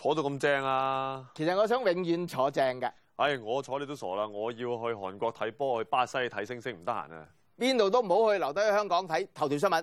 坐到咁正啊！其實我想永遠坐正嘅。唉、哎，我坐你都傻啦！我要去韓國睇波，去巴西睇星星，唔得閒啊！邊度都唔好去，留低喺香港睇頭條新聞。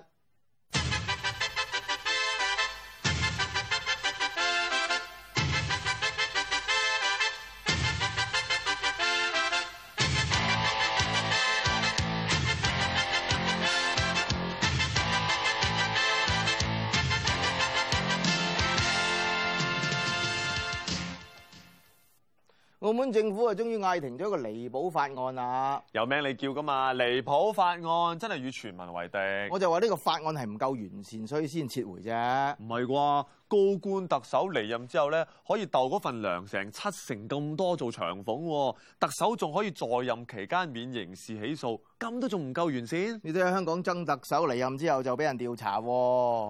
政府啊，終於嗌停咗個離譜法案啊！有名你叫㗎嘛？離譜法案真係與全民為敵。我就話呢個法案係唔夠完善，所以先撤回啫。唔係啩？高官特首離任之後咧，可以竇嗰份糧成七成咁多做長俸喎、啊。特首仲可以在任期間免刑事起訴，咁都仲唔夠完善？你都喺香港爭特首離任之後就俾人調查喎、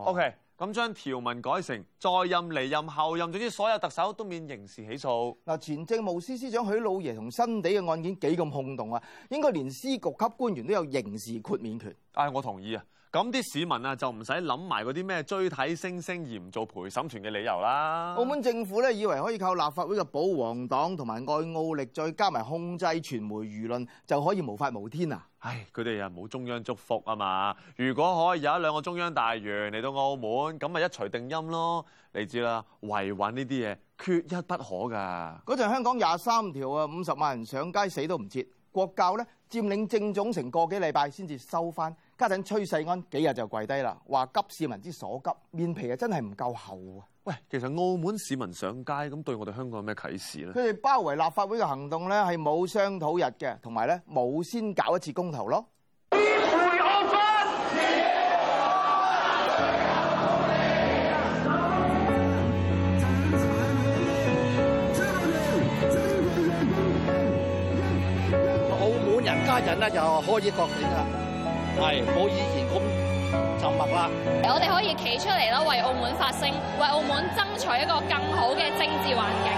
啊。OK。咁將條文改成在任、離任、後任，總之所有特首都免刑事起訴。嗱，前政務司司長許老爺同新地嘅案件幾咁轟動啊？應該連司局級官員都有刑事豁免權。唉，我同意啊。咁啲市民啊，就唔使諗埋嗰啲咩追睇星星而唔做陪審團嘅理由啦。澳門政府咧，以為可以靠立法會嘅保皇黨同埋愛澳力，再加埋控制傳媒輿論就可以無法無天啊！唉，佢哋啊冇中央祝福啊嘛。如果可以有一兩個中央大員嚟到澳門，咁咪一錘定音咯。你知啦，維穩呢啲嘢缺一不可㗎。嗰陣香港廿三條啊，五十萬人上街死都唔接國教咧，佔領政總成個幾禮拜先至收翻。家陣崔世安幾日就跪低啦，話急市民之所急，面皮啊真係唔夠厚啊！喂，其實澳門市民上街咁對我哋香港有咩啟示咧？佢哋包圍立法會嘅行動咧係冇商討日嘅，同埋咧冇先搞一次公投咯。澳門人家人咧就可以覺醒啦。係，冇以前咁沉默啦。我哋可以企出嚟啦，為澳門發聲，為澳門爭取一個更好嘅政治環境。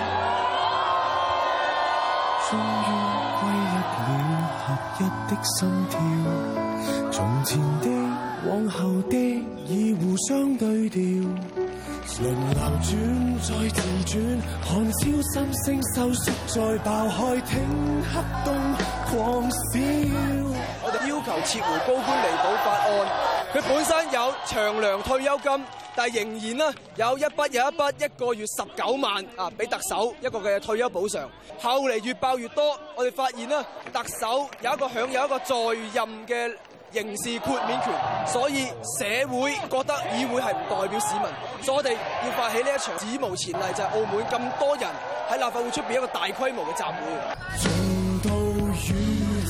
終於歸入了合一的心跳，從前的往後的已互相對調，輪流轉，再自轉，看小星星收縮，再爆開，聽黑洞狂笑。撤回高官離補法案，佢本身有長糧退休金，但係仍然呢有一筆又一筆，一個月十九萬啊，俾特首一個嘅退休補償。後嚟越爆越多，我哋發現呢，特首有一個享有一個在任嘅刑事豁免權，所以社會覺得議會係唔代表市民，所以我哋要發起呢一場史無前例，就係澳門咁多人喺立法會出邊一個大規模嘅集會。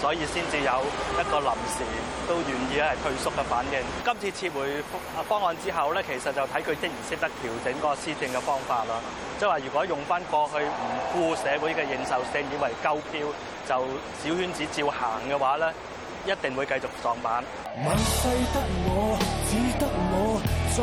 所以先至有一個臨時都願意咧係退縮嘅反應。今次撤回方案之後咧，其實就睇佢識唔識得調整個施政嘅方法啦。即係話，如果用翻過去唔顧社會嘅認受性以為夠票，就小圈子照行嘅話咧，一定會繼續撞板。只得我再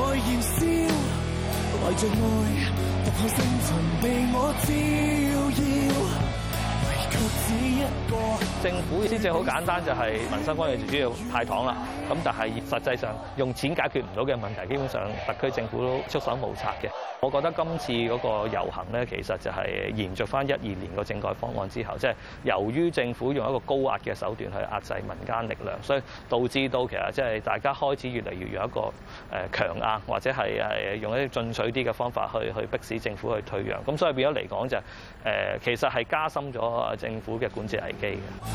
政府施政好簡單，就係民生關係最主要派糖啦。咁但係實際上用錢解決唔到嘅問題，基本上特區政府都束手無策嘅。我覺得今次嗰個遊行咧，其實就係延續翻一二年個政改方案之後，即係由於政府用一個高壓嘅手段去壓制民間力量，所以導致到其實即係大家開始越嚟越有一個誒強硬，或者係用一啲進取啲嘅方法去去逼使政府去退讓。咁所以變咗嚟講就係，其實係加深咗政府嘅管治危機嘅。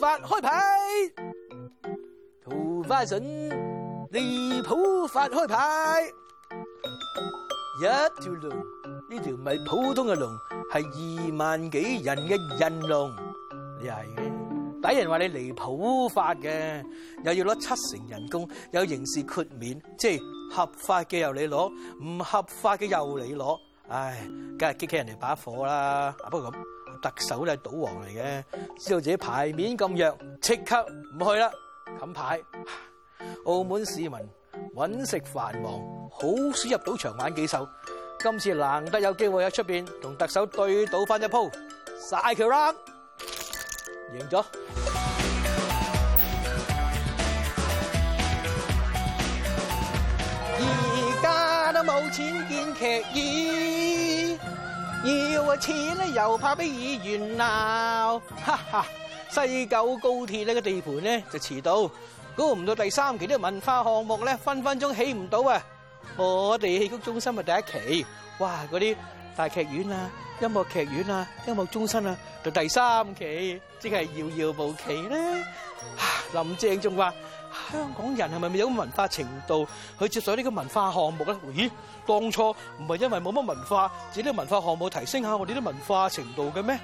法開牌，桃花筍離譜法開牌，一條龍，呢條唔係普通嘅龍，係二萬幾人嘅人龍，你係嘅，啲人話你離譜法嘅，又要攞七成人工，有刑事豁免，即係合法嘅又你攞，唔合法嘅又你攞，唉，梗係激起人哋把火啦，不過咁。特首都係賭王嚟嘅，知道自己牌面咁弱，即刻唔去啦。近排澳門市民揾食繁忙，好少入賭場玩幾手，今次難得有機會喺出邊同特首對賭翻一鋪，曬佢啦，贏咗。而家都冇錢見劇演。要啊錢咧，又怕俾議員鬧，哈哈！西九高鐵呢個地盤咧就遲到，估唔到第三期呢個文化項目咧分分鐘起唔到啊！我哋戲曲中心係第一期，哇嗰啲大劇院啊、音樂劇院啊、音樂中心啊，到第三期即係遙遙無期咧。林鄭仲話。香港人係咪未有文化程度去接受呢個文化項目咧？咦，當初唔係因為冇乜文化，自己啲文化項目提升下我哋啲文化程度嘅咩？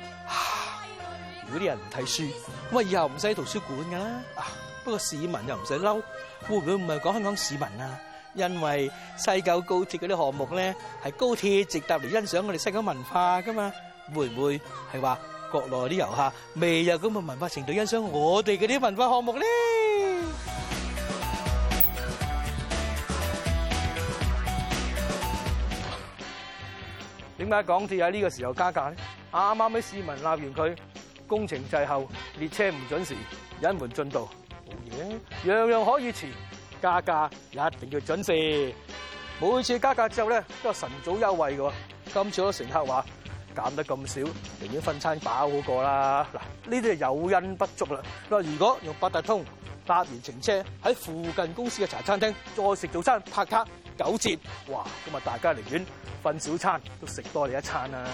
如果啲人唔睇書，咁啊以後唔使圖書館噶啦。啊不過市民又唔使嬲，會唔會唔係講香港市民啊？因為西九高鐵嗰啲項目咧，係高鐵直達嚟欣賞我哋西九文化噶嘛？會唔會係話國內啲遊客未有咁嘅文化程度欣賞我哋嗰啲文化項目咧？點解港鐵喺呢個時候加價咧？啱啱，喺市民鬧完佢，工程滯後，列車唔準時，隱瞞進度，冇嘢，樣樣可以遲，加價一定要準時。每次加價之後咧，都有晨早優惠嘅。今次好多乘客話減得咁少，寧願分餐飽好過啦。嗱，呢啲係有因不足啦。你話如果用八達通？搭完程車喺附近公司嘅茶餐廳再食早餐拍卡九折，哇！咁啊，大家寧願瞓小餐都食多你一餐啦。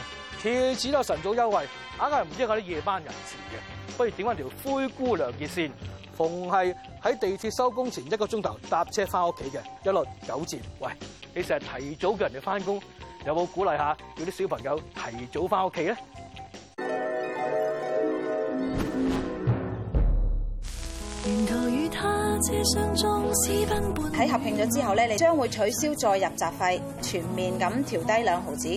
貼紙有晨早優惠，硬係唔知係啲夜班人士嘅，不如點翻條灰姑娘熱線？逢係喺地鐵收工前一個鐘頭搭車翻屋企嘅一律九折。喂，你成日提早叫人哋翻工，有冇鼓勵下叫啲小朋友提早翻屋企咧？喺合併咗之後呢，你將會取消再入閘費，全面咁調低兩毫子。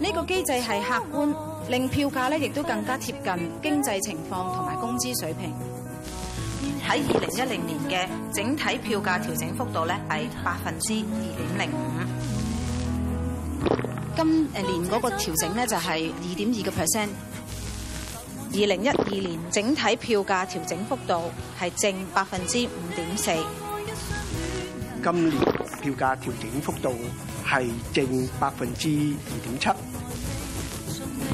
呢個機制係客觀，令票價呢亦都更加貼近經濟情況同埋工資水平。喺二零一零年嘅整體票價調整幅度呢係百分之二點零五，今年嗰個調整呢就係二點二個 percent。二零一二年整體票價調整幅度係正百分之五點四，今年票價調整幅度係正百分之二點七，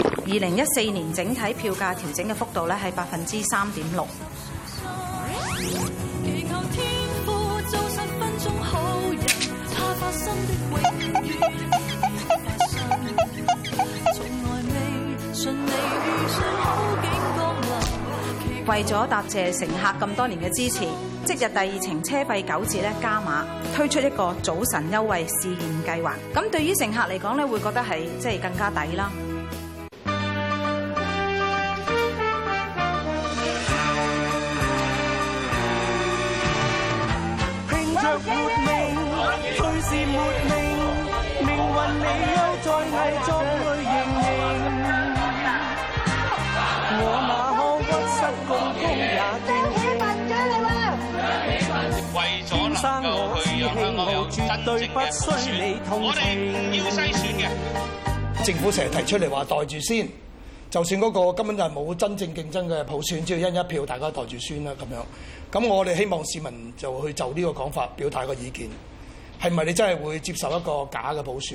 二零一四年整體票價調整嘅幅度咧係百分之三點六。為咗答謝乘客咁多年嘅支持，即日第二程車費九折咧加碼推出一個早晨優惠試驗計劃，咁對於乘客嚟講咧會覺得係即係更加抵啦。生我自慶，我絕對不需你同情。我哋唔要篩選，嘅政府成日提出嚟話袋住先，就算嗰個根本就係冇真正競爭嘅普選，只要一人一票，大家袋住先啦咁樣。咁我哋希望市民就去就呢個講法表態個意見，係咪你真係會接受一個假嘅普選？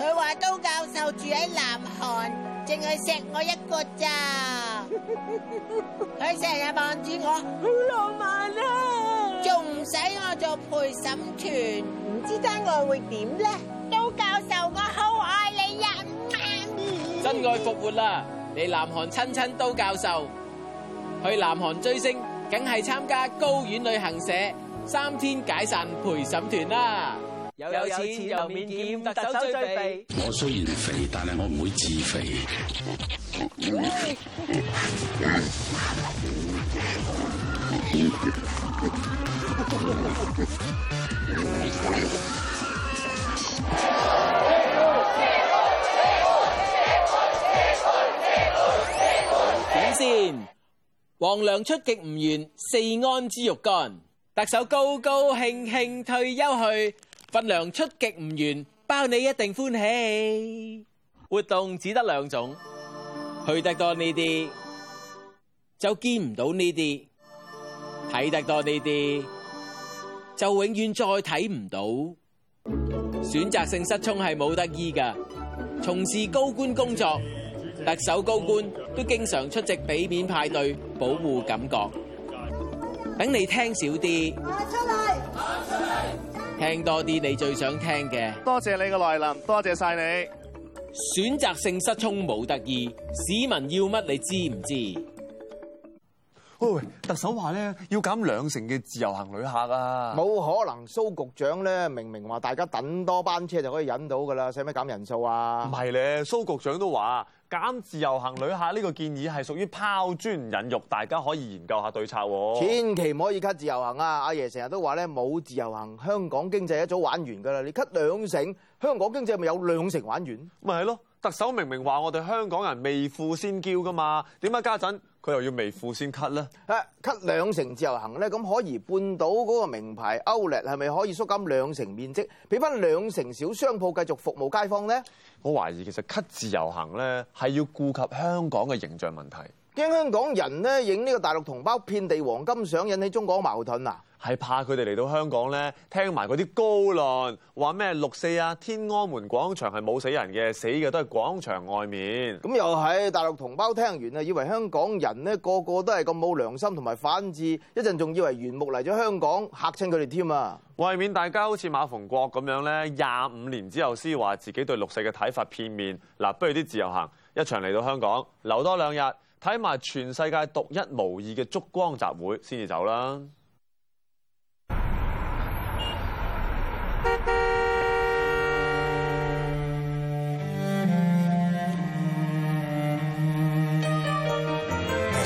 佢話都教授住喺南韓，淨係錫我一個咋？佢成日望住我，好浪漫啊！仲唔使我做陪審團？唔知真愛會點咧？都教授，我好愛你呀！真愛復活啦！你南韓親親都教授，去南韓追星，梗係參加高院旅行社三天解散陪審團啦！又有錢又免檢，特首最肥。我雖然肥，但係我唔會自肥。點先？王良出極唔完，四安之肉乾，特首高高興興退休去。份糧出極唔完，包你一定歡喜。活動只得兩種，去得多呢啲就見唔到呢啲，睇得多呢啲就永遠再睇唔到。選擇性失聰係冇得醫㗎。從事高官工作，特首高官都經常出席俾面派對，保護感覺，等你聽少啲。我出嚟。聽多啲你最想聽嘅。多謝你嘅來臨，多謝晒你。選擇性失聰冇得意，市民要乜你知唔知？喂，特首話咧要減兩成嘅自由行旅客啊！冇可能，蘇局長咧明明話大家多等多班車就可以引到噶啦，使乜減人數啊？唔係咧，蘇局長都話。減自由行旅客呢個建議係屬於拋磚引玉，大家可以研究下對策喎。千祈唔可以 cut 自由行啊！阿爺成日都話呢，冇自由行，香港經濟一早玩完㗎啦！你 cut 兩成，香港經濟咪有兩成玩完？咪係咯！特首明明話我哋香港人未富先驕㗎嘛？點解家陣？佢又要未付先 cut 咧？uh, cut 兩成自由行呢，咁可以半島嗰個名牌歐力，係咪可以縮減兩成面積，俾翻兩成小商鋪繼續服務街坊呢？我懷疑其實 cut 自由行呢，係要顧及香港嘅形象問題，驚香港人呢，影呢個大陸同胞遍地黃金相，想引起中港矛盾啊！係怕佢哋嚟到香港呢，聽埋嗰啲高論，話咩六四呀、啊，天安門廣場係冇死人嘅，死嘅都係廣場外面。咁又喺大陸同胞聽完啊，以為香港人呢個個都係咁冇良心同埋反智，一陣仲以為袁木嚟咗香港嚇親佢哋添呀。為免大家好似馬逢國咁樣呢，廿五年之後先話自己對六四嘅睇法片面。嗱，不如啲自由行一場嚟到香港，留多兩日睇埋全世界獨一無二嘅燭光集會，先至走啦。